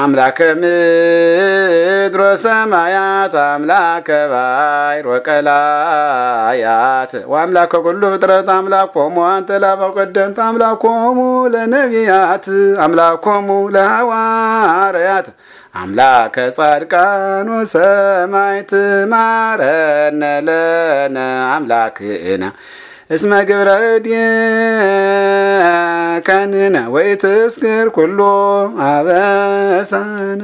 አምላከ ምድሮ ሰማያት አምላከ ባይር ወቀላያት ወአምላከ ኩሉ ፍጥረት አምላኮሙ አንተ ላፈ ቀደምት አምላኮሙ ለነቢያት አምላኮሙ ለሐዋርያት አምላከ ጻድቃን ወሰማይት ማረነ ለነ አምላክነ እስመ ግብረ እድን መካንና ወይትስክር ኩሎ አበሳነ